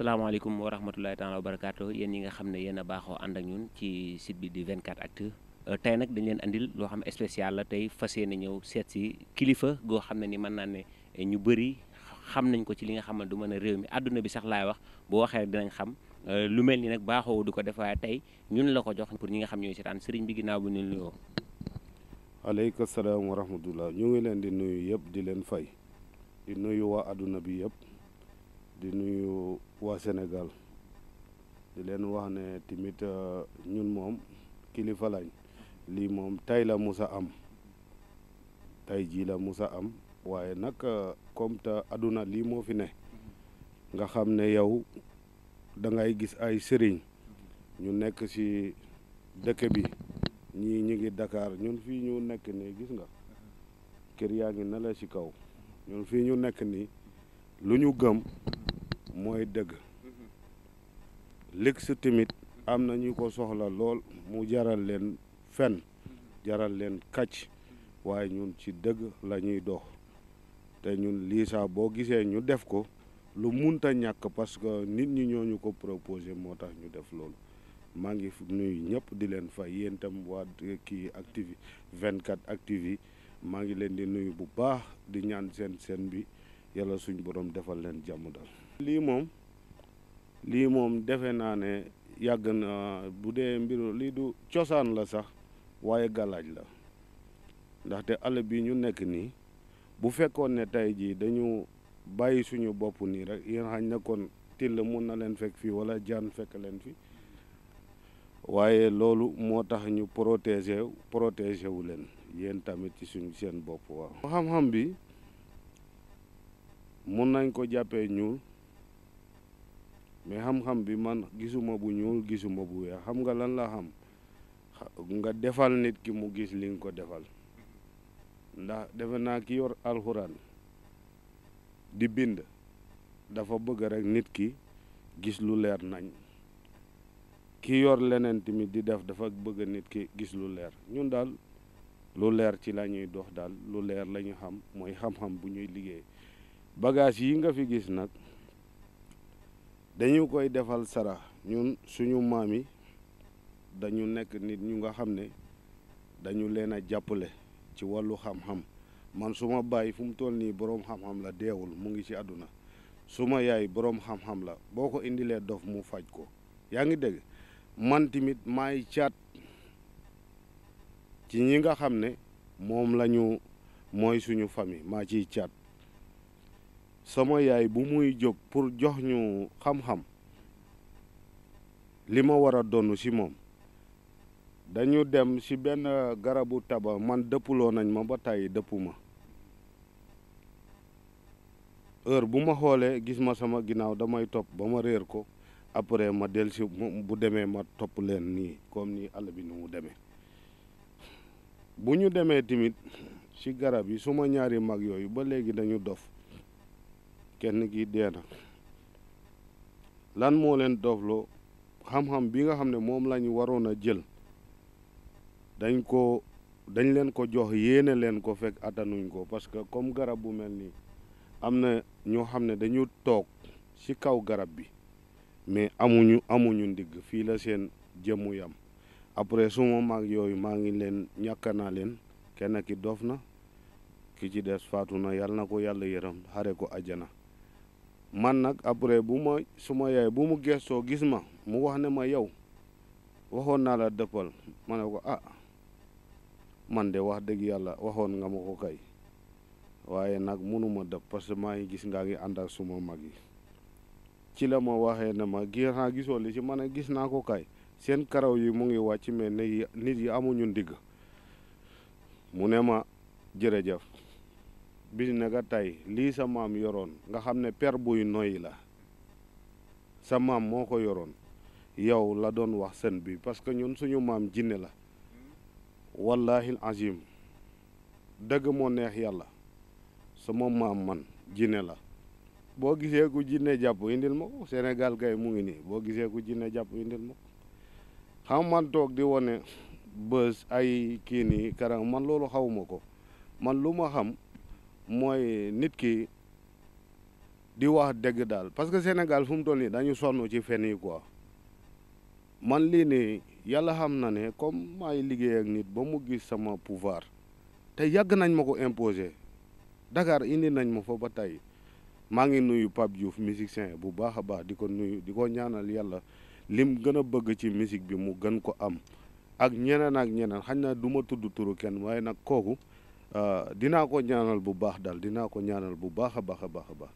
salaamaaleykum wa rahmatulahi taala wa barakaatu yéen ñi nga xam ne yéen a baaxoo ànd ak ñun ci site bi di 24 actu euh, tey nag dañ leen andil loo xam spécial la tey fas yéene ñëw seet si kilifa goo xam ne ni mën naa ne ñu bëri xam nañ ko ci li nga xam du mën a réew mi àdduna bi sax laay wax boo waxee dinañ xam euh, lu mel ni nag baaxoo du ko def tey ñun la ko jox pour ñi nga xam ñooy seetaan sëriñ bi ginnaaw bu ñu nuyoo. aleykum salaam wa rahmatulah ñu ngi leen di nuyu yëpp di leen fay di nuyu waa àdduna bi yëpp. di nuyu waa Sénégal di leen wax ne tamit euh, ñun moom kilifa lañ lii moom tey la musa am tey jii la musa am waaye nag euh, comme te àdduna lii moo fi ne nga xam ne yow dangay gis ay sëriñ ñu nekk ci dëkk bi ñii ñu ngi dakaar ñun fii ñu nekk nii gis nga kër yaa ngi na la ci kaw ñun fii ñu nekk nii lu ñu gëm mooy dëgg ligg si am na ñu ko soxla lool mu jaral leen fen jaral leen kàcc waaye ñun ci dëgg lañuy dox te ñun lii saa boo gisee ñu def ko lu munta ñàkk parce que nit ñi ñooñu ko proposé moo tax ñu def loolu maa ngi nuyu ñëpp di leen fay yéen itam waa kii activi 24 yi maa ngi leen di nuyu bu baax di ñaan seen seen bi yàlla suñ borom defal leen jàmm daal lii moom lii moom defe naa ne yàgg na bu dee mbiru lii du cosaan la sax waaye galaaj la ndaxte àll bi ñu nekk nii bu fekkoon ne tey jii dañu bàyyi suñu bopp nii rek yéen xañ till mun na leen fekk fii wala jaan fekk leen fi waaye loolu moo tax ñu protéger protéger wu leen yéen tamit ci suñ seen bopp waaw xam-xam bi mun nañ ko jàppee ñuul mais xam-xam bi man gisuma bu ñuul gisuma bu weex xam nga lan la xam nga defal nit ki mu gis li nga ko defal ndax defe naa ki yor alxuraan di bind dafa bëgg rek nit ki gis lu leer nañ ki yor leneen tamit di def dafa bëgg nit ki gis lu leer ñun daal lu leer ci la ñuy dox daal lu leer lañu xam mooy xam-xam bu ñuy liggéey bagage yi nga fi gis nag dañu koy defal sarax ñun suñu maam yi dañu nekk nit ñu nga xam ne dañu leen a jàppale ci wàllu xam-xam man suma bàyyi fu mu toll nii boroom xam-xam la deewul mu ngi ci àdduna suma yaay boroom xam-xam la boo ko indilee dof mu faj ko yaa ngi dégg man tamit maay caat ci ñi nga xam ne moom lañu mooy suñu famille maa ciy caat sama yaay bu muy jóg pour jox ñu xam-xam li ma war a donn ci moom dañu dem ci benn garabu taba man dëppuloo nañ ma ba tàyyi dëppu ma heure bu ma xoolee gis ma sama ginnaaw damay topp ba ma réer ko après ma del si bu demee ma topp leen nii comme ni àll bi nu mu demee bu ñu demee tamit ci garab yi suma ñaari mag yooyu ba léegi dañu dof kenn gi dee na lan moo leen dofloo xam-xam bi nga xam ne moom lañu waroon a jël dañ ko dañ leen ko jox yéene leen ko fekk attanuñ ko parce que comme garab bu mel nii am na ñoo xam ne dañu toog ci kaw garab bi mais amuñu amuñu ndigg fii la seen jëmmu yam après su mag yooyu maa ngi leen ñàkk naa leen kenn ki dof na ki ci des faatu na yàlla na ko yàlla yërëm xare ko ajjana man nag après bu ma su ma yaay bu mu gestoo gis ma mu wax ne ma yow waxoon naa la dëppal ma ne ko ah man de wax dëgg yàlla waxoon nga ma ko kay waaye nag mënuma dëpp parce que maa ngi gis ngaa ngi ànd ak suma mag yi ci la ma waxee ne ma gi naa gisoo li ci ma ne gis naa ko kay seen karaw yi mu ngi wàcc mais nit yi amuñu ndigg mu ne ma jërëjëf bis na nga tey lii sa maam yoroon nga xam ne per buy noyyi la sa maam moo ko yoroon yow la doon wax sën bi parce que ñun suñu maam jinne la wallahi azim dëgg moo neex yàlla sama maam man jinne la boo gisee ku jinne jàpp indil ma ko Sénégal kay mu ngi nii boo gisee ku jinne jàpp indil ma ko xam man toog di wane bës ay kii nii karang man loolu xaw ma ko man lu ma xam mooy nit ki di wax dëgg daal parce que Sénégal fu mu toll nii dañu sonn ci fen yi quoi man lii nii yàlla xam na ne comme maay liggéey ak nit ba mu gis sama pouvoir te yàgg nañ ma ko imposer Dakar indi nañ ma fa ba tey maa ngi nuyu Pape Diouf musicien bu baax a baax di ko nuyu di ko ñaanal yàlla lim gën a bëgg ci musique bi mu gën ko am ak ñeneen ak ñeneen xañ na du ma tudd turu kenn waaye nag kooku Euh, dinaa ko ñaanal bu baax daal dinaa ko ñaanal bu baax a baax a baax a baax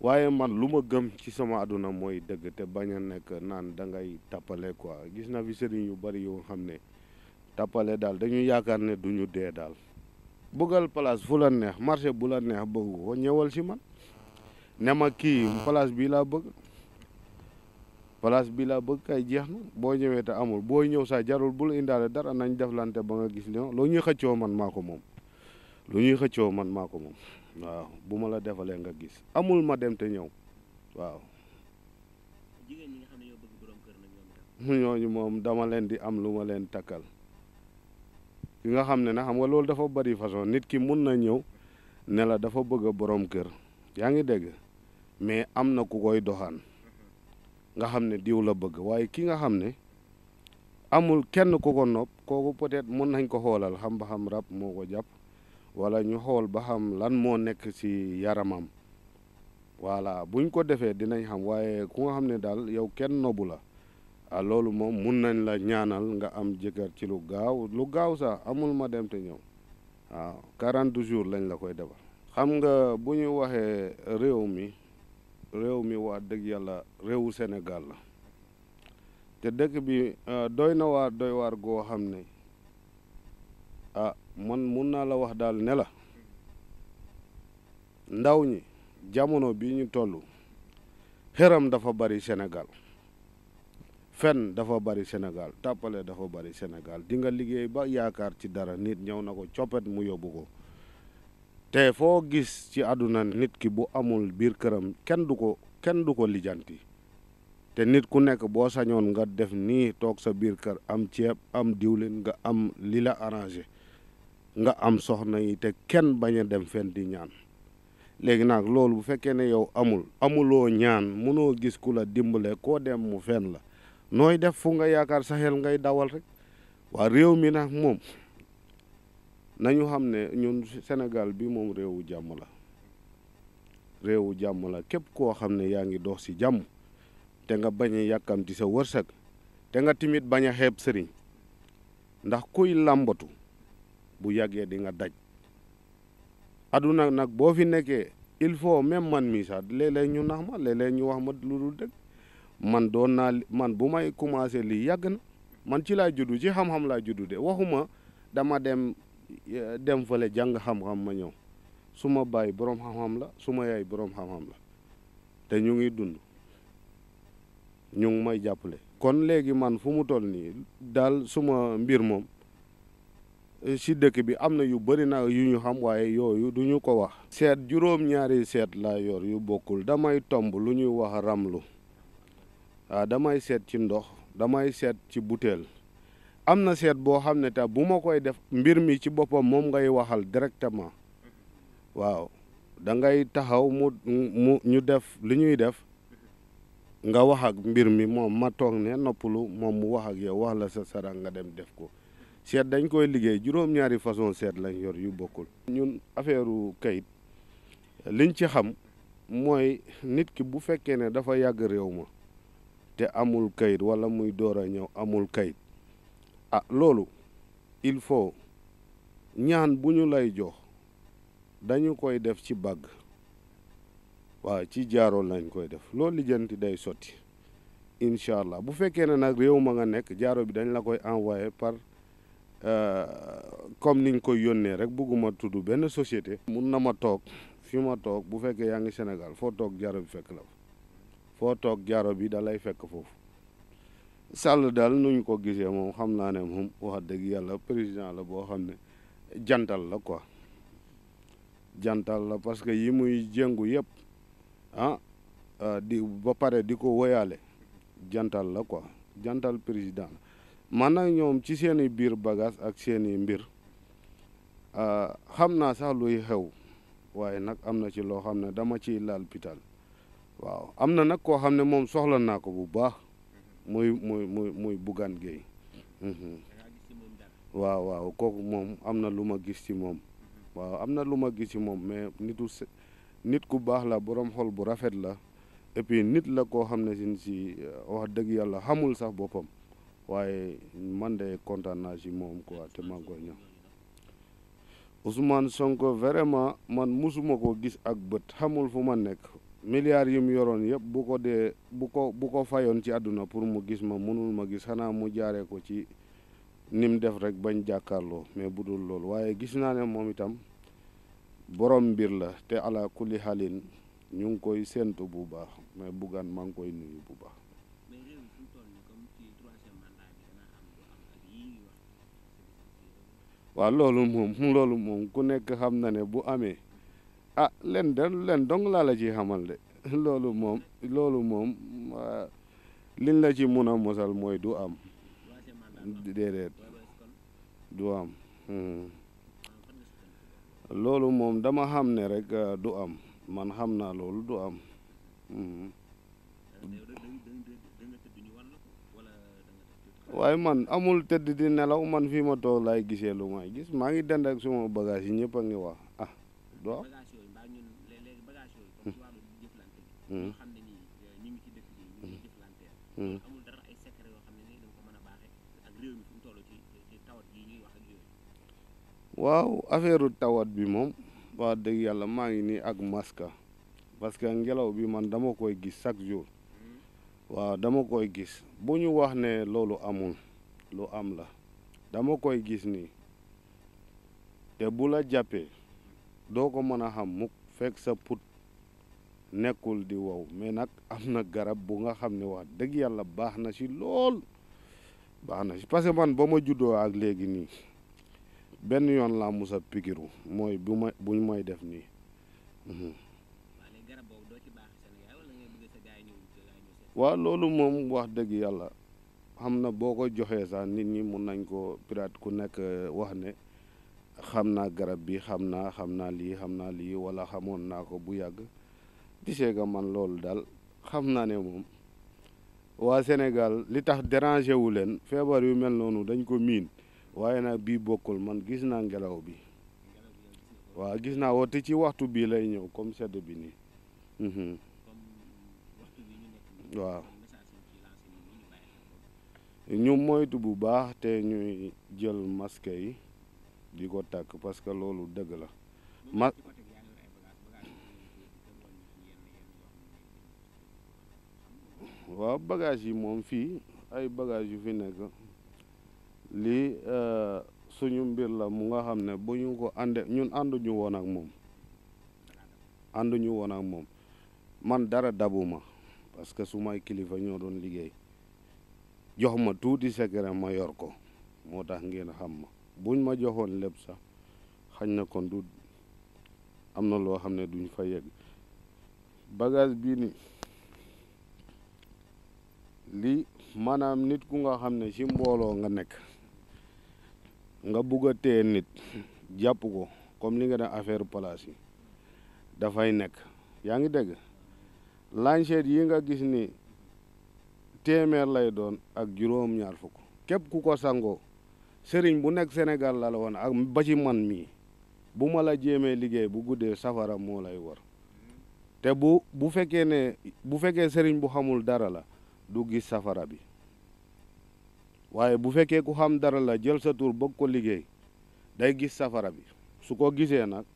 waaye man lu ma gëm ci sama àdduna mooy dëgg te bañ a nekk naan dangay tappale quoi gis na fi sëriñ yu bari yoo xam ne tappale daal dañu yaakaar ne duñu dee daal bëggal place fu la neex marché bu la neex bëgg ko ñëwal si man ne ma kii place bii laa bëgg place bi laa bëgg kay jeex na boo ñëwee te amul booy ñëw saa jarul bul indaale dara nañ deflante ba nga gis ne loo ñuy xëccoo man maa ko moom lu ñuy xëccoo man maa ko moom waaw bu ma la defalee nga gis amul ma dem te ñëw waaw. jigéen ñi ñooñu moom dama leen di am lu ma leen takkal ki nga xam ne na xam nga loolu dafa bari façon nit ki mun na ñëw ne la dafa bëgg borom kër yaa ngi dégg mais am na ku koy doxaan nga xam ne diw la bëgg waaye ki nga xam ne amul kenn ku ko nopp kooku peut-être mun nañ ko xoolal xam ba xam rab moo ko jàpp. wala ñu xool ba xam lan moo nekk ci yaramam voilà buñ ko defee dinañ xam waaye ku nga xam ne daal yow kenn nobu la ah, loolu moom mun nañ la ñaanal nga am jëkkër ci lu gaaw lu gaaw sax amul ma dem te ñëw waaw ah, quarant jours lañ la koy defal xam nga bu ñu waxee réew mi réew mi waa dëgg yàlla réewu Sénégal la te dëkk bi ah, doy na waar doy waar goo xam ne a ah, man mun naa la wax daal ne la ndaw ñi jamono bi ñu toll xëram dafa bari Sénégal fenn dafa bari Sénégal tàppale dafa bari Sénégal di nga liggéey ba yaakaar ci dara nit ñëw na ko coppet mu yóbbu ko te foo gis ci àdduna nit ki bu amul biir këram kenn du ko kenn du ko lijjanti te nit ku nekk boo sañoon nga def nii toog sa biir kër am ceeb am diwlin nga am li la arrangé nga am soxna yi te kenn bañ a dem fenn di ñaan léegi nag loolu bu fekkee ne yow amul amuloo ñaan mënoo gis ku la dimbale koo dem mu fenn la nooy def fu nga yaakaar sa xel ngay dawal rek waa réew mi nag moom nañu xam ne ñun senegal bi moom réewu jàmm la réewu jàmm la képp koo xam ne yaa ngi dox ci jàmm te nga bañ a yàkkamti sa wërsëg te nga timit bañ a xeeb sëriñ ndax kuy làmbatu bu yàggee di nga daj aduna nag boo fi nekkee il faut même man mii sax ñu nax ma léeg ñu wax ma lu dul dëgg man doon naa man bu may commencé li yàgg na man ci laa juddu ci xam-xam laa juddu de waxuma dama dem eh, dem fële jàng xam-xam ma ñëw su ma bàyyi boroom xam-xam la su ma yaay boroom xam-xam la te ñu ngi dund ñu ngi may jàppale kon léegi man fu mu toll nii daal suma mbir moom Euh, si dëkk bi am na yu bari na yu ñu xam waaye yooyu du ñu ko wax seet juróom-ñaari seet laa yor yu bokkul damay tomb lu ñuy wax ramlu waaw ah, damay seet ci ndox damay seet ci butéel am na seet boo xam ne te bu ma koy def mbir mi ci boppam moom ngay waxal directement waaw dangay taxaw mu mu ñu def li ñuy def nga wax ak mbir mi moom ma toog ne noppalu moom mu wax ak yow wax la sa sara nga dem def ko seet dañ koy liggéey juróom-ñaari façon seet lañ yor yu bokkul ñun affaireu kayit liñ ci xam mooy nit ki bu fekkee ne dafa yàgg réew ma te amul kayit wala muy door a ñëw amul kayit ah loolu il faut ñaan bu ñu lay jox dañu koy def ci bàgg waaw ci jaaroo lañ koy def loolu lijjanti day sotti incha allah bu fekkee ne nag réew ma nga nekk jaaro bi dañ la koy envoyé par Euh, comme ni nga koy yónnee rek bëgguma tudd benn société. mun na ma toog fi ma toog bu fekkee yaa ngi Sénégal foo toog jaaro bi fekk la foo toog jaaro bi da fekk foofu Sall daal nu ñu ko gisee moom xam naa ne moom wax dëgg yàlla président la boo xam ne jantal la quoi jantal la parce que yi muy jéngu yëpp ah euh, di ba pare di ko woyaale jantal la quoi jantal président la man nag ñoom ci seen i biir bagage ak seeni i mbir ah, xam naa sax luy xew waaye nag am na ci loo xam ne dama ciy laal pital waaw am na nag koo xam ne moom soxla naa ko bu baax muy muy muy muy Bougane Gueye mhm. waaw waaw kooku moom am na lu ma gis ci moom waaw am na lu ma gis ci moom mais nitu nit ku baax la boroom xol bu rafet la et nit la koo xam ne sin si wax dëgg yàlla xamul sax boppam waaye man de kontaan naa si moom quoi te maa ngi koy ñaan Ousmane Sonko vraiment man musuma ko gis ak bët xamul fu ma nekk milliards yu mu yoroon yëpp bu ko dee bu ko bu ko fayoon ci àdduna pour mu gis ma mënul ma gis xanaa mu jaaree ko ci ni mu def rek bañ jàkkaarloo mais bu dul loolu waaye gis naa ne moom itam borom mbir la te ala xalin ñu ngi koy séentu bu baax mais buggaan maa ngi koy nuyu bu baax. waa loolu moom loolu moom ku nekk xam na ne bu amee a ah, len de len dong laa la ci xamal de loolu moom loolu moom ah, liñ la ci mun a mosal mooy du am déedéet du am hmm. loolu moom dama xam ne rek ah, du am man xam naa loolu du am hmm. waaye man amul tëdd di nelaw man fii ma toog laay gisee lu may gis maa ngi dend ak suma bagage yi ñëpp a ngi wax ah doo waaw affaire tawat bi moom wax dëgg yàlla maa ngi nii ak maska parce que ngelaw bi man dama koy gis chaque jour waaw dama koy gis bu ñu wax ne loolu amul lu am la dama koy gis nii te bu la jàppee doo ko mën a xam mu fekk sa put nekkul di wow mais nag am na garab bu nga xam ne wax dëgg yàlla baax na ci lool baax na si parce que man ba ma juddoo ak léegi nii benn yoon laa musa pikiru mooy bu ma bu may def nii mhm. waaw loolu moom wax dëgg yàlla xam na boo ko joxee sax nit ñi mun nañ ko pirate ku nekk euh, wax ne xam naa garab bi xam naa xam naa lii xam naa lii wala xamoon naa ko bu yàgg di seega man loolu daal xam naa ne moom waa Sénégal li tax dérangé wu leen feebar yu mel noonu dañ ko miin waaye nag bii bokkul man gis naa ngelaw bi waa gis naa woote ci waxtu bii lay ñëw comme sedd bi nii mhm. waaw ñu moytu bu baax te ñuy jël masque yi di ko takk parce que loolu dëgg la ma waaw bagage yi moom fii ay bagage yu fi nekk lii euh, suñu mbir la mu nga xam ne bu ñu ko ànde ñun ànduñu woon ak moom ànduñu woon ak moom man dara dabuma parce que su may kilifa ñoo doon liggéey jox ma tuuti secret ma yor ko moo tax ngeen xam ma buñ ma joxoon lépp sax xañ na kon du am na loo xam ne duñ fa yegg bagage bii ni lii maanaam nit ku nga xam ne ci mbooloo nga nekk nga bugg a téye nit jàpp ko comme li nga def affaire place yi dafay nekk yaa ngi dégg lancette yi nga gis ni téeméer lay doon ak juróom-ñaar fukk képp ku ko sangoo sëriñ bu nekk Sénégal la la ak ba ci man mii bu ma la jéemee liggéey bu guddee safara moo lay war te bu bu fekkee ne bu fekkee sëriñ bu xamul dara la du gis safara bi waaye bu fekkee ku xam dara la jël sa tur bëgg ko liggéey day gis safara bi su ko gisee nag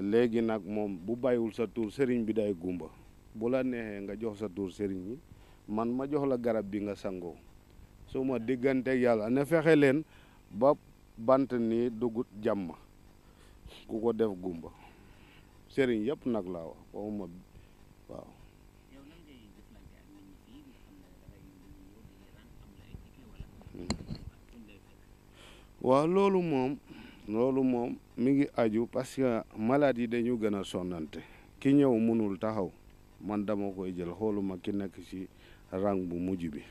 léegi nag moom bu bàyyiwul sa tur sëriñ bi day gumba bu la neexee nga jox sa tur sëriñ yi man ma jox la garab bi nga sangoo su ma digganteeg yàlla ne fexe leen ba bant nii dugut jàmm ku ko def gumba sëriñ yépp nag laa wax waaw loolu moom loolu moom mi ngi aju parce que yi dañu gën a sonnante ki ñëw mënul taxaw man dama koy jël xooluma ki nekk ci ràng bu mujj bi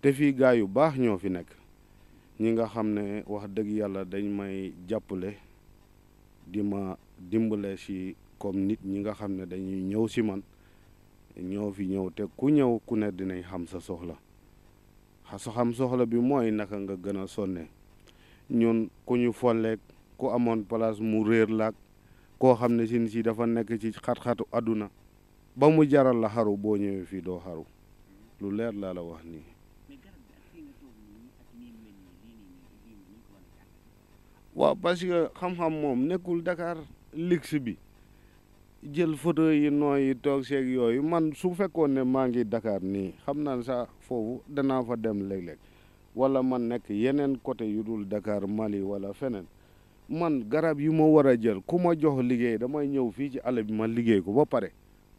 te fii gaa yu baax ñoo fi nekk ñi nga xam ne wax dëgg yàlla dañ may jàppale di ma dimbale si comme nit ñi nga xam ne dañuy ñëw si man ñoo fi ñëw te ku ñëw ku ne dinañ xam sa soxla sa xam soxla bi mooy naka nga gën a sonne ñun ku ñu folleek ku amoon place mu réer laag koo xam ne sin sii dafa nekk ci xat-xatu àdduna ba mu jaral la xaru boo ñëwee fii doo xaru lu leer laa la wax nii waaw parce que xam-xam moom nekkul dakaar luxe bi jël photo yi nooy toog seeg yooyu man su fekkoon ne maa ngi dakaar nii xam naa sax foofu danaa fa dem léeg-léeg wala man nekk yeneen côté yu dul Dakar Mali wala feneen man garab yu ma war a jël ku ma jox liggéey damay ñëw fii ci àll bi ma liggéey ko ba pare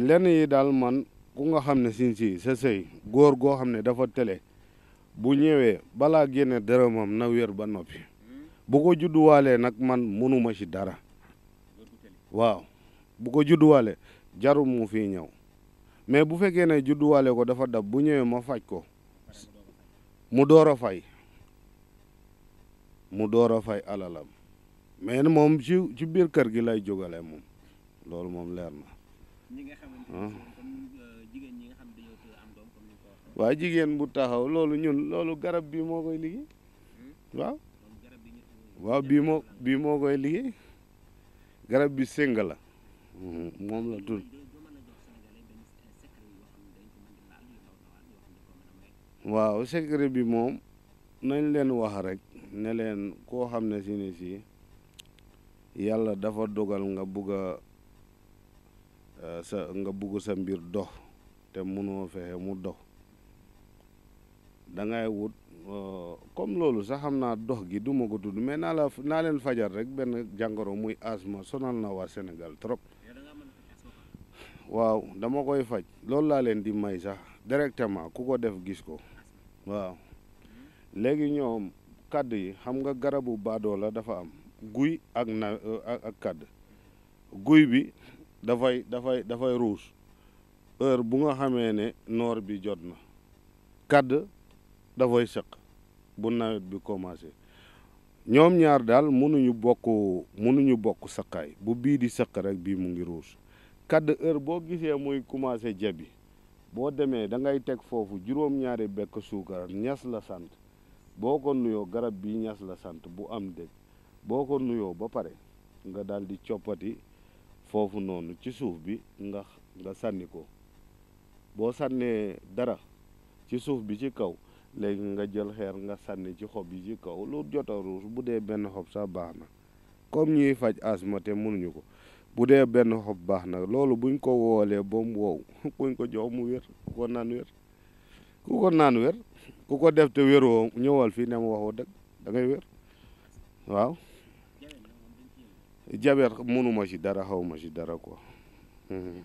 lenn yi daal man ku nga xam ne sin si sa sëy góor goo xam ne dafa télé bu ñëwee balaa génne dërëmam na wér ba noppi bu ko judduwaalee nag man mënuma ci dara waaw bu ko judduwaale jarul mu fii ñëw mais bu fekkee ne judduwaale ko dafa dab bu ñëwee ma faj ko mu door a fay mu door a fay alalam mais moom ci ci biir kër gi lay jógale moom loolu moom leer na Hmm. Euh, waaw jigéen bu taxaw loolu ñun loolu garab bi moo koy liggéey hmm? waaw bii moo bii moo koy liggéey garab bi séng la hmm, moom la tur waaw secret bi moom nañ leen wax rek ne leen koo xam ne si ne si yàlla dafa dogal nga bugg Euh, sa nga bugg sa mbir dox te mënoo fexe mu dox dangay wut euh, comme loolu sax xam naa dox gi duma ko tudd mais naa la naa leen fajar rek benn jàngoro muy asma sonal na waa Sénégal trop waaw dama koy faj loolu laa leen di may sax directement ku ko def gis ko waaw léegi ñoom kàdd yi xam nga garabu baadoo la dafa am guy ak na euh, ak kàdd guy bi dafay dafay dafay rouge heure bu nga xamee ne noor bi jot na kàdd dafay sëq bu nawet bi commencé ñoom ñaar daal mënuñu bokk mënuñu bokk saqaay bu bii di sëq rek bii mu ngi rouge kadd heure boo gisee muy commencé jabi boo demee da ngay teg foofu juróom-ñaari bekk suukar ñas la sant boo ko nuyoo garab bi ñas la sant bu am dëj boo ko nuyoo ba pare nga daal di coppati foofu noonu ci suuf bi nga nga sànni ko boo sànnee dara ci suuf bi ci kaw léegi nga jël xeer nga sànni ci xob yi ci kaw lu jot ruus bu dee benn xob sax baax na comme ñuy faj asma te mënuñu ko bu dee benn xob baax na loolu buñ ko woolee ba mu wow kuñ ko jox mu wér ku ko naan wér ku ko naan wér ku ko def te wéroo ñëwal fii ne ma waxoo dëgg da wér waaw jabeer mënuma ci dara xawma ci dara quoi hmm.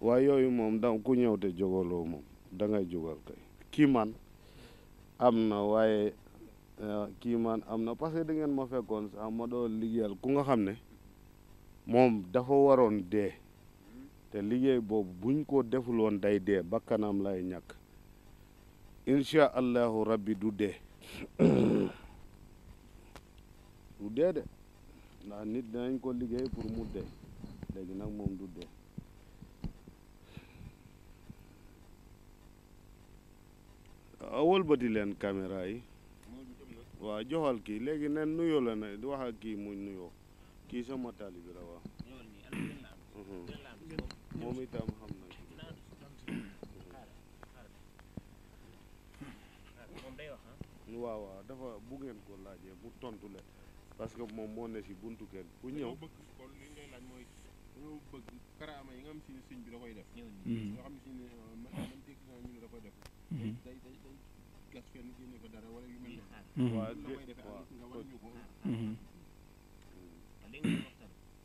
waaye yooyu moom da ku ñëw te jógaloo moom dangay ngay jógal kay kii man am na waaye ah, kii man am na parce que da ngeen ma fekkoon sax ma doon liggéeyal ku nga xam ne moom dafa waroon dee te liggéey boobu buñ ko defuloon day dee bakkanam lay ñàkk incha allahu rabbi du dee du dee de ndax nit dinañ ko liggéey pour mu léegi nag moom du dee ah, wëlbati leen caméra yi waaw joxal léegi nen nuyoo la ne wax kii mu nuyoo kii sama la waaw mhm. xam na ah. dafa bu ngeen ko laajee bu tontu leen parce que moom moo ne si buntu kenn ku ñëw. kon li ngay laaj bëgg karaama yi nga xam si ne sëñ bi da koy def. Mm-hmm. yoo xam ne ne euh, même technicien ñu ne da koy mm-hmm. day day day gas génne ko dara wala yu mel noonu. Mm-hmm. waaw de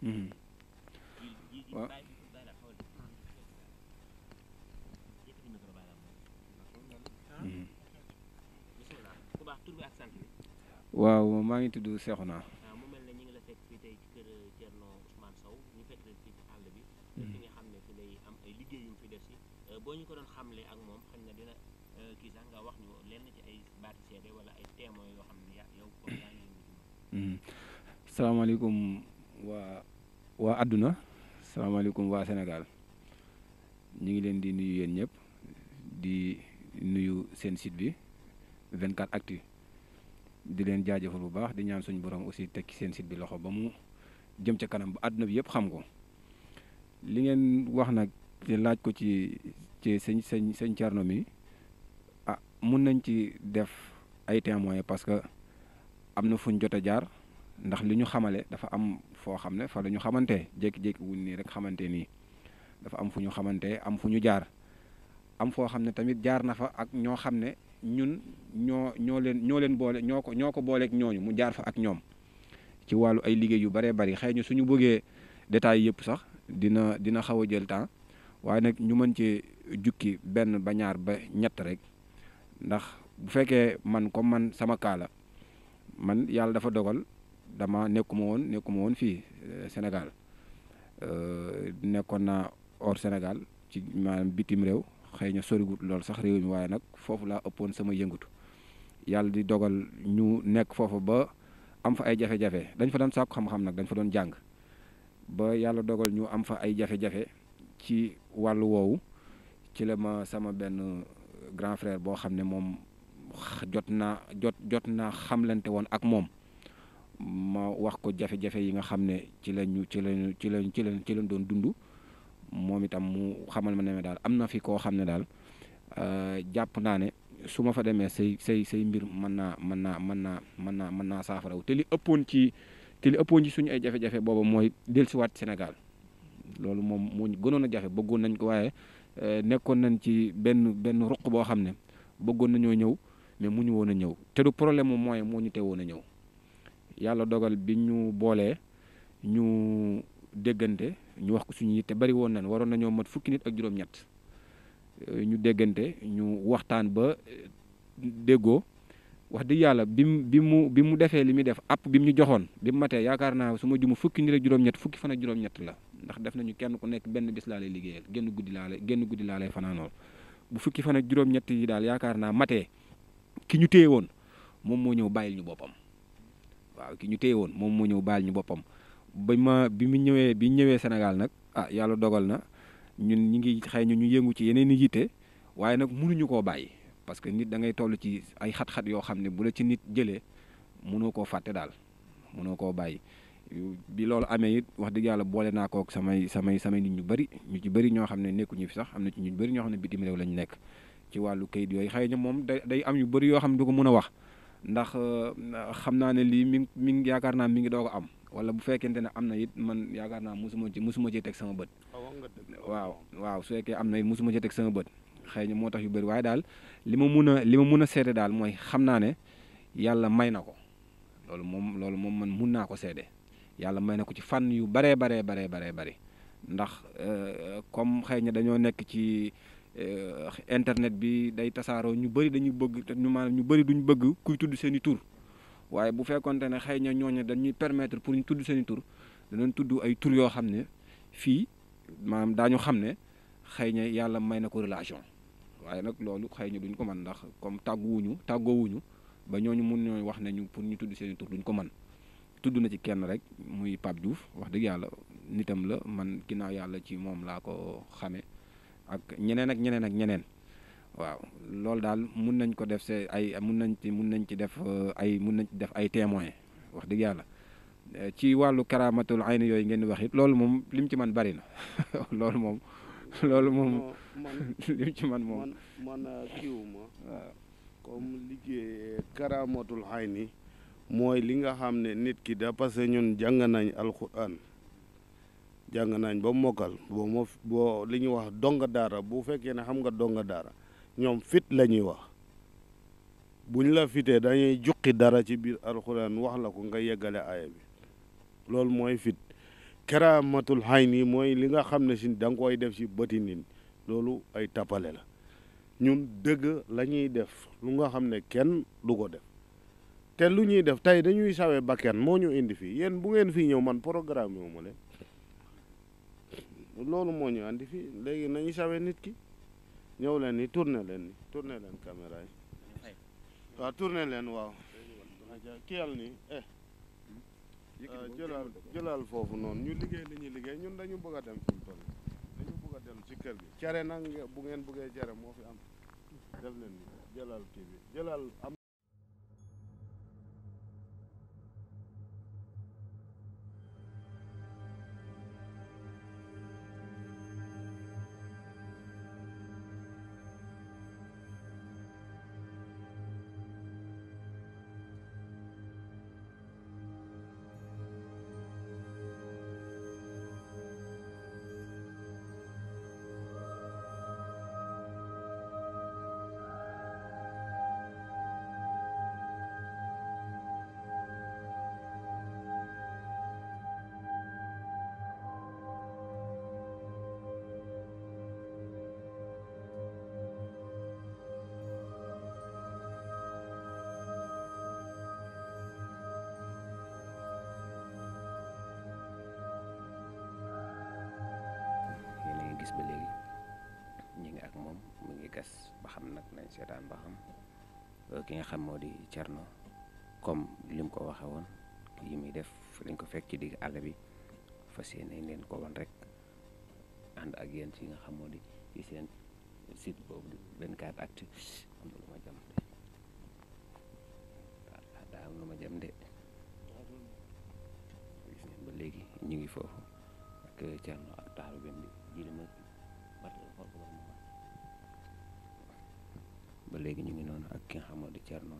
ñu ko. waaw. waaw maa ngi tudd Seexuna boo ñu ko doon xamle ak moom xëy na dina eh, kii sax nga wax ñu lenn ci ay baati seede wala ay témoins yoo xam ne yow kon yaa ngi yëngu ci moom. Hmm. salaamaaleykum waa waa àdduna salaamaaleykum waa senegal ñu ngi leen di nuyu yéen ñëpp di nuyu seen site bi 24 actu di leen jaajëfal bu baax di ñaan suñu borom aussi teg seen site bi loxo ba mu jëm ca kanam ba àdduna bi yëpp xam ko li ngeen wax nag te laaj ko ci ci sëñ sëñ sëñ mi ah mun nañ ci def ay témoins parce que am na fuñ jot a jaar ndax li ñu xamale dafa am foo xam ne fa lañu ñu xamante jékki-jékki wuñ nii rek xamante nii dafa am fu ñu xamante am fu ñu jaar am foo xam ne tamit jaar na fa ak ñoo xam ne ñun ñoo ñoo leen ñoo leen boole ñoo ko ñoo ko booleek ñooñu mu jaar fa ak ñoom ci wàllu ay liggéey yu bëree bëri xëy na suñu bëggee détails yëpp sax dina dina xaw a jël temps waaye nag ñu mën ci jukki benn bañaar ba ñett rek ndax bu fekkee man ko man sama kaala man yàlla dafa dogal dama nekkuma woon nekkuma woon fii euh, Sénégal euh, nekkoon naa hors Sénégal ci maanaam bitim réew xëy na soriwut lool sax réew mi waaye nag foofu laa ëppoon sama yëngatu yàlla di dogal ñu nekk foofa ba am fa ay jafe-jafe dañ fa doon sàkku xam nag dañ fa doon jàng ba yàlla dogal ñu am fa ay jafe-jafe ci wàll woowu ci la ma sama benn grand frère boo xam ne moom jot naa jot jot naa xamlante woon ak moom ma wax ko jafe-jafe yi nga xam ne ci lañu ci lañu ci lañ ci lañ ci lañ doon dund moom itam mu xamal ma ne daal am na fi koo xam ne daal euh, jàpp naa ne su ma fa demee say say say mbir mën naa mën naa mën naa mën naa mën naa saafaraw te li ëppoon ci te li ëppoon ci suñu ay jafe-jafe booba mooy dellusiwaat senegal loolu moom moo ñu gënoon a jafe bëggoon nañ ko waaye euh, nekkoon nañ ci benn benn ruq boo xam ne bëggoon nañoo ñëw mais mu ñu woon a ñëw te du problème mu mooy moo ñu te woon a ñëw yàlla dogal bi ñu boolee ñu déggante. ñu wax ko suñu yitte bari woon nañ waroon nañoo mat fukki nit ak juróom-ñett euh, ñu déggante ñu waxtaan ba euh, déggoo wax dëgg yàlla bi mu bi mu bi mu defee li mu def app bi mu ñu joxoon bi mu matee yaakaar naa suma ma jumu fukki nit ak juróom-ñett fukki fan ak juróom la ndax def nañu kenn ku nekk benn bis laa lay liggéeyal génn guddi laa lay génn guddi laa bu fukki fan ak juróom-ñett yi daal yaakaar naa matee ki ñu téye woon moom moo ñëw bàyyil ñu boppam waaw ki ñu téye woon moom moo ñëw bàyyil ñu boppam ba ma bi mu ñëwee bi ñëwee Sénégal nag ah yàlla dogal na ñun ñu ngi xay ñu ñu yëngu ci yeneen i yitte waaye nag mënuñu koo bàyyi parce que nit da ngay toll ci ay xat-xat yoo xam ne bu la ci nit jëlee mënoo koo fàtte daal mënoo koo bàyyi. bi loolu amee it wax dëgg yàlla boole naa kook samay samay samay nit ñu bari ñu ci bari ñoo xam ne nekkuñu fi sax am na ci ñu bëri ñoo xam ne bitim réew lañ nekk ci wàllu kayit yooyu xëy na moom day day am yu bëri yoo xam ne du ko mën a wax ndax euh, xam naa ne lii mi mi yaakaar naa mi ngi doog a am wala bu fekkente ne am na it man yaakaar naa musuma ci mësuma ci teg sama bët waaw waaw su fekkee am na it musuma ci teg sama bët xëy na moo tax yu bëri waaye daal li ma mun a li ma mun a seede daal mooy xam naa ne yàlla may na ko loolu moom loolu moom man mun naa ko seede yàlla may na ko ci fànn yu baree baree baree baree bëri ndax euh, comme xëy na dañoo nekk ci euh, internet bi day tasaaroo ñu bëri dañuy bëgg te ñu maanaam ñu bëri duñ bëgg kuy tudd seen i tur waaye bu fekkonte ne xëy na ñooñu dañuy permettre pour ñu tudd seen i tur danañ tudd ay tur yoo xam ne fii maanaam daañu xam ne xëy na yàlla may na ko relation waaye nag loolu xëy na duñ ko mën ndax comme tàgguwuñu tàggoowuñu ba ñooñu mun ñooy wax nañu pour ñu tudd seeni i tur duñ ko mën tudd na ci kenn rek muy Pape Diouf wax dëgg yàlla nitam la man ginnaaw yàlla ci moom laa ko xamee ak ñeneen ak ñeneen ak ñeneen. waaw loolu daal mun nañ ko def see ay mun nañ ci mun nañ ci def euh, ay mun nañ ci def ay témoin wax dëgg yàlla euh, ci wàllu karaamatul ayni yooyu ngeen di wax it loolu moom lim ci man bari na loolu moom. loolu moom ci man moom man man euh, kiiwuma waaw comme liggéey karaamatul mooy li nga xam ne nit ki da parce que ñun jàng nañ alquran jàng nañ ba mokkal boo moo boo li ñuy wax donga daara bu fekkee ne xam nga donga daara ñoom fit la ñuy wax buñ la fitee dañuy jukki dara ci biir alxuraan wax la ko nga yeggale aaya bi loolu mooy fit karaamatul xayn yi mooy li nga xam ne si da koy def si bëti nit loolu ay tappale la ñun dëgg lañuy def lu nga xam ne kenn du ko def te lu ñuy def tey dañuy sawee bakkan moo ñu indi fii yéen bu ngeen fii ñëw man programme wu ma leen loolu moo ñu andi fii léegi nañu sawe nit ki ñëw leen ni tourné leen ni tourné leen caméra yi waaw tourné leen waaw kiyal nii eh ah, jëlal jëlal foofu noonu ñu liggéey li ñuy liggéey ñun dañu bëgg a dem fi mu dem ci kër gi cere nag bu ngeen bëggee cere moo fi am def leen ni jëlal kii bi jëlal am kes ba xam nag nañ seetaan ba xam euh, ki nga xam moo di Thierno comme li mu ko waxe woon yi muy def lañ ko fekk ci digg àll bi fas yéene nañ leen ko won rek ànd ak yéen ci nga xam moo di ci seen site boobu di 24 actu am ma jam de am lu ma jam de gis léegi ñu ngi foofu ak Thierno ak taaru benn bi ji li ma ba léegi ñu ngi noonu ak ki nga xam moo di Thierno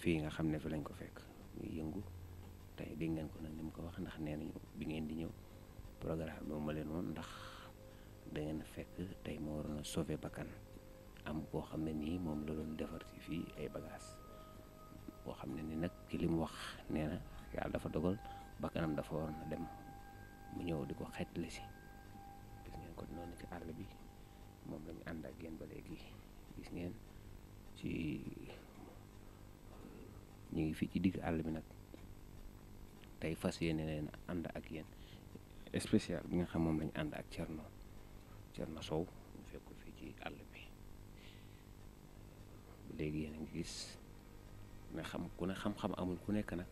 fii nga xam ne fi lañ ko fekk muy yëngu tey dégg ngeen ko nag ni mu ko wax ndax nee nañu bi ngeen di ñëw programme bi ma leen woon ndax da tey moo waroon a bakkan am koo xam ne nii moom la defar ci fii ay bagages boo xam ne ni nag ci li mu wax nee na yàlla dafa dogal bakkanam dafa waroon a dem mu ñëw di ko xeetle si gis ngeen ko noonu ci àll bi moom la ànd ak yéen ba léegi gis ngeen. ci ñu ngi fii ci digg àll bi nag tey fas yéene leen ànd ak yenn spécial bi nga xam moom lañu ànd ak Thierno Thierno Sow ñu fekk fii ci àll bi léegi yéen a ngi gis ne xam ku ne xam-xam amul ku nekk nag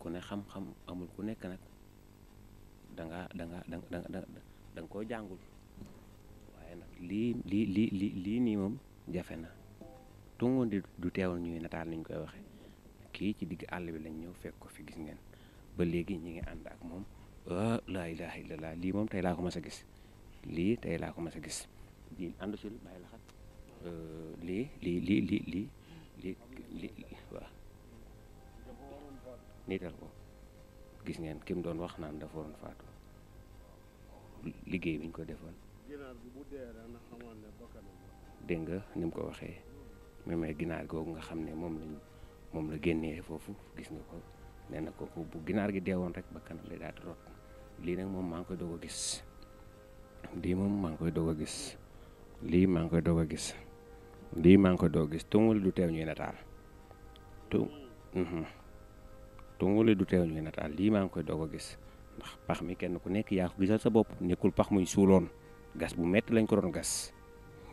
ku ne xam-xam amul ku nekk nag danga danga da nga da nga da nga koo jàngul waaye nag lii lii lii lii nii moom. jafe na tungoon di du teewul ñuy nataal niñ koy waxe kii ci digg àll bi lañ ñëw fekk ko fi gis ngeen ba léegi ñu ngi ànd ak moom ah, laa ilaha illallah lii moom tey laa ko mas a gis lii tey laa ko mas a gis lii àndu sil bàyyi la xat euh, lii lii lii lii lii lii lii waaw niital ko gis ngeen kim doon wax naan dafa waroon faatu liggéey bi ñu ko defoon dégg nga ni mu ko waxee même ginaar googu nga xam ne moom lañ moom la génnee foofu gis nga ko nee na ko bu ginaar gi deewoon rek ba kanam day daal di lii nag moom maa ngi koy doog a gis lii moom maa ngi koy doog a gis lii maa ngi koy doog a gis lii maa ngi gis tungul du teew ñuy nataal tu mhm. tungul du teew ñuy nataal lii maa ngi koy doog a gis ndax pax mi kenn ku nekk yaa ko gisal sa bopp nekkul pax muy suuloon gas bu metti lañ ko doon gas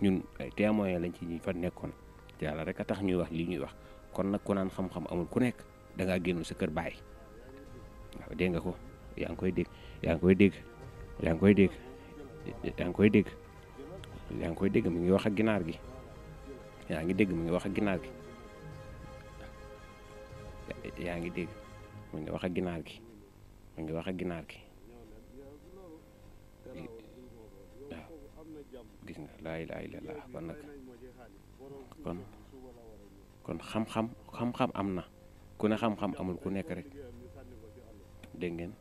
ñun ay témoins lañ ci ñi fa nekkoon te yàlla rek a tax ñuy wax lii ñuy wax kon nag ku naan xam-xam amul ku nekk da ngaa génn sa kër bàyyi dégg nga ko yaa ngi koy dégg yaa ngi koy dégg yaa ngi koy dégg yaa koy dégg yaa koy dégg mi ngi wax ak ginaar gi yaa ngi dégg mu ngi wax ak ginaar gi yaa ngi dégg mi wax ak ginaar gi mi ngi wax ak ginaar gi gis nga laa ilaaha illallaah kon nag kon kon xam-xam xam-xam am na ku ne amul ku nekk rek dégg ngeen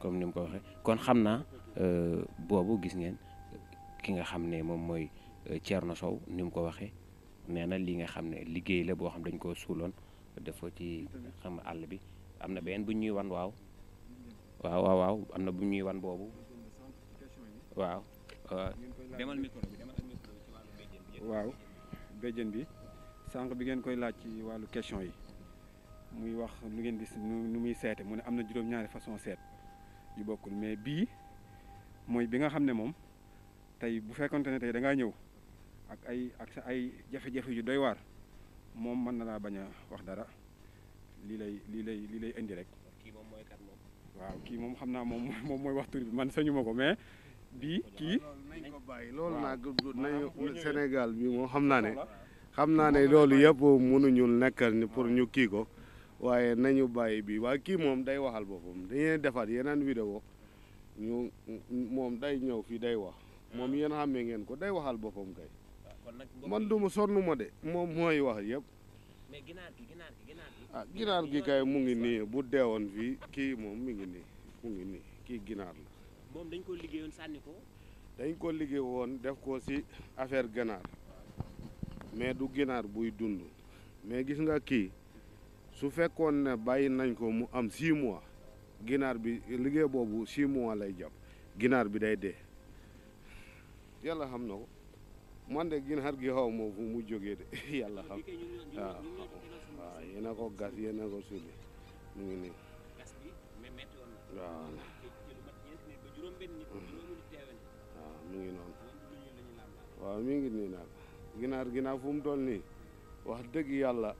comme ni mu ko waxee kon xam naa euh, boobu gis ngeen ki nga xam ne moom mooy euh, na Sow ni mu ko waxee nee na li nga xam ne liggéey la boo xam dañ koo suuloon dafa ci xam àll bi am na beneen bu ñuy wan waaw waaw waaw waaw am na bu ñuy wan boobu waaw waaw euh, demal micro bi demal micro bi ci wàllu béjjén bi. waaw béjjén bi sànq bi ngeen koy laaj ci wàllu question yi muy wax lu ngeen di nu muy seete mu ne am na juróom-ñaari façon seet yu bokkul mais bii mooy bi nga xam ne moom tey bu fekkonte ne tey da ñëw ak ay ak sa ay jafe-jafe yu doy waar moom mën na laa bañ a wax dara lii lay lii lay lii lay indi rek. kii mooy kat waaw kii moom xam naa moom moom mooy wax tur bi man sañu ko mais. bii kii loolu nag nañu Sénégal bi moom xam naa ne xam naa ne loolu yëpp mënuñu nekkal ni pour ñu kii ko waaye nañu bàyyi bii waaye kii moom day waxal boppam dañuy defaat yeneen vidéo ñu moom day ñëw fii day wax moom yéen xàmmee ngeen ko day waxal boppam kay man du ma sonn ma de moom mooy wax yépp ah ginaar gi kay mu ngi nii bu deewoon fii kii moom mi ngi nii mu ngi nii kii ginaar la moom dañ ko liggéeyoon sànni ko. dañ ko liggéey woon def ko ci affaire ganaar mais du ginaar buy dund mais gis nga kii su fekkoon ne bàyyi nañ ko mu am 6 mois ginaar bi liggéey boobu 6 mois lay jàpp ginaar bi day dee yàlla xam na ko man de ginaar gi xaw ma fu mu jógee de yàlla xam waaw waaw yéen a ko gas yéen ko sulli mu ngi nii waaw mu ngi noonu waaw mu ngi nii nag ginaar ginaar fu mu doon nii wax dëgg yàlla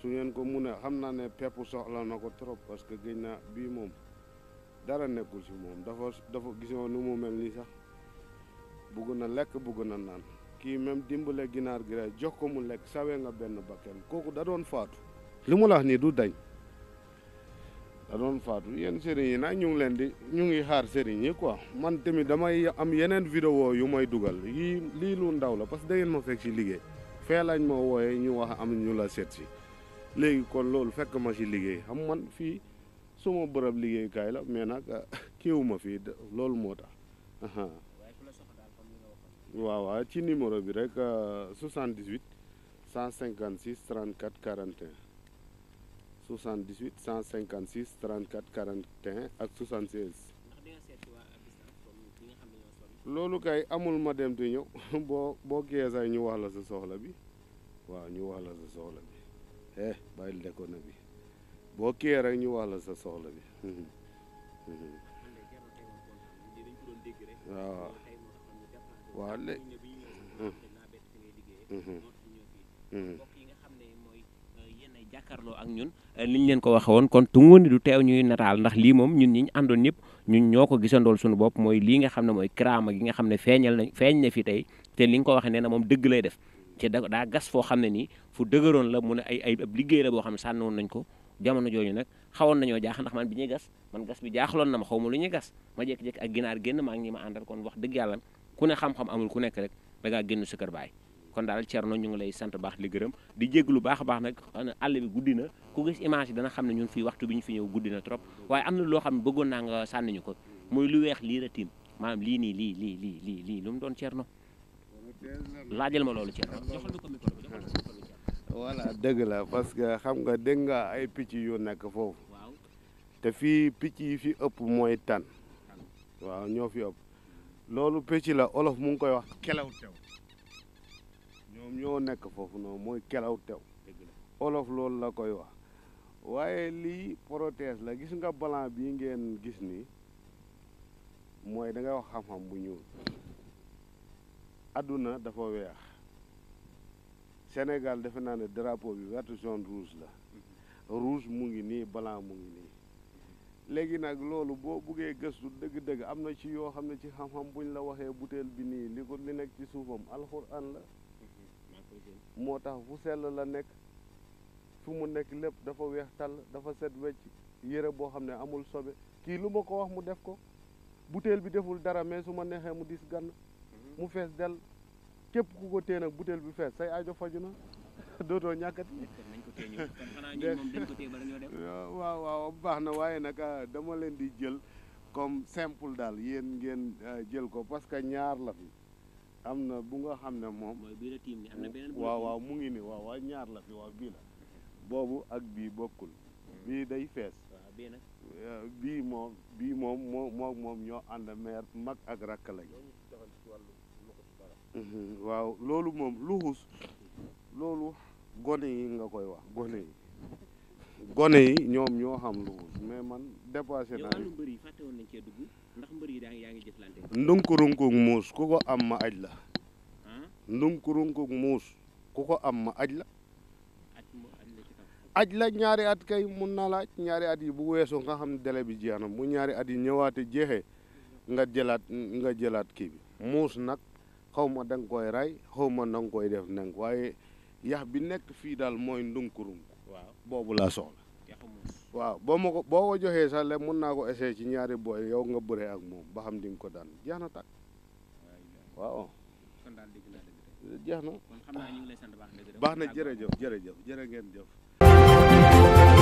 su ngeen ko mu ne xam naa ne pepp soxla na ko trop parce que gëj na bii moom dara nekkul si moom dafa dafa gisoo nu mu mel nii sax bugg na lekk bugg na naan kii même dimbale ginaar gi rek jox ko mu lekk sawe nga benn bakken kooku da doon faatu li mu la nii du dañ da doon faatu yéen sëriñ yi nag ñu ngi leen di ñu ngi xaar sëriñ yi ko man tamit damay am yeneen vidéo yu may dugal yii lii lu ndaw la parce que da ngeen ma fekk ci liggéey fee lañ ma wooyee ñu wax am ñu la seet si léegi kon loolu fekk ma ci liggéey xam man fii suma bërëb liggéeykaay la mais nag kiiwuma fii loolu moo tax waaw ci numéro bi rek 78 156 34 41 78 156 34 41 ak 76. loolu kay amul ma dem di ñëw boo boo geesaay ñu wax waaw ñu wax la sa soxla bi eh bàyyil deko na hmm, hmm. waaw waaw léegi hmm, jàkkaarloo ak ñun eh, ñu leen ko waxe woon kon tungooni du teew ñuy nataal ndax lii moom ñun ñi ñu àndoon ñëpp ñu ñoo ko gisandool suñu bopp mooy lii nga xam ne mooy gi nga xam ne feeñal na feeñ na fi tey te li nga ko waxee nee na moom dëgg lay def ci da gas foo xam ne nii fu dëgëroon la mu ne ay ay ab liggéey la boo xam ne sànnoon nañ ko jamono jooju nag xawoon nañoo jaax ndax man bi ñuy gas man gas bi jaaxaloon na ma xaw ma lu ñuy gas ma jékki-jékki ak ginaar génn maa ngi ñi ma àndal kon wax dëgg yàlla ku ne xam-xam amul ku nekk rek da ngaa génn sa kër baay kon daal Thierno ñu ngi lay sant baax li gërëm di jéglu baax a baax nag àll bi guddina ku gis image dana xam ne ñun fi waxtu bi ñu fi ñëw guddi na trop waaye am na loo xam ne bëggoon naa nga sànni ko muy lu weex lii la tiim maanaam lii nii lii lii lii lii lii lu mu doon Thierno laajal ma loolu Thierno joxal ko micro ko micro dëgg la parce que xam nga dégg nga ay picc yu nekk foofu te fii picc yi fi ëpp mooy tan waaw ñoo fi ëpp loolu picc la olof mu ngi koy wax kelaw tew ñoom ñoo nekk foofu noonu mooy kelaw tew olof loolu la koy wax waaye lii prothèse la gis nga blanc bii ngeen gis ni mooy dangay wax xam-xam bu ñuul àdduna dafa weex Sénégal defe naa ne drapeau bi vert jaune rouge la rouge mu ngi nii blanc mu ngi nii léegi nag loolu boo buggee gëstu dëgg-dëgg am na ci yoo xam ne ci xam-xam buñ la waxee butéel bi nii li ko li nekk ci suufam alxuraan la moo tax fu sell la nekk fu mu nekk lépp dafa weex tàll dafa set wecc yére boo xam ne amul sobe kii lu ma ko wax mu def ko butéel bi deful dara mais su ma neexee mu dis gann mu fees del képp ku ko téye nag butéel bi fees say ajo faju na dootoo ñàkkati waaw waaw baax na waaye nag ah, dama leen di jël comme simple daal yéen ngeen ah, jël ko parce que ñaar la fi am na bu nga xam ne moom. mooy waaw waaw mu ngi ni waaw waaw ñaar la fi waaw bii la. boobu ak bii bokkul. bii day fees. waaw bii nag. Euh, bii moom bii moom moo moom ñoo ànd meer mag ak rakk lañ. waaw loolu moom luxus loolu gone yi nga koy wax gone yi. gone yi ñoom ñoo xam loolu mais man dépassé naa yow mbër yi fàtte ndax mbër yi daa ngi yaa ngi jëflante ndunkurunkug muus ku ko am ma aj la ndunkurunkug muus ku ko am ma aj la aj la ñaari at kay mun naa laaj ñaari at yi bu weesoo nga xam ne délai bi jeex na mu ñaari at yi ñëwaate jeexee nga jëlaat nga jëlaat kii bi muus nag xaw ma da nga koy rey xaw ma da nga koy def nang waaye yax bi nekk fii daal mooy ndunkurum boobu laa soxla waaw boo ma ko boo ko joxee sax mun naa ko essayer ci ñaari booy yow nga bëree ak moom ba xam di nga ko daan jeex na tàkk waaw jeex na baax na jërëjëf jëf jërë ngeen jëf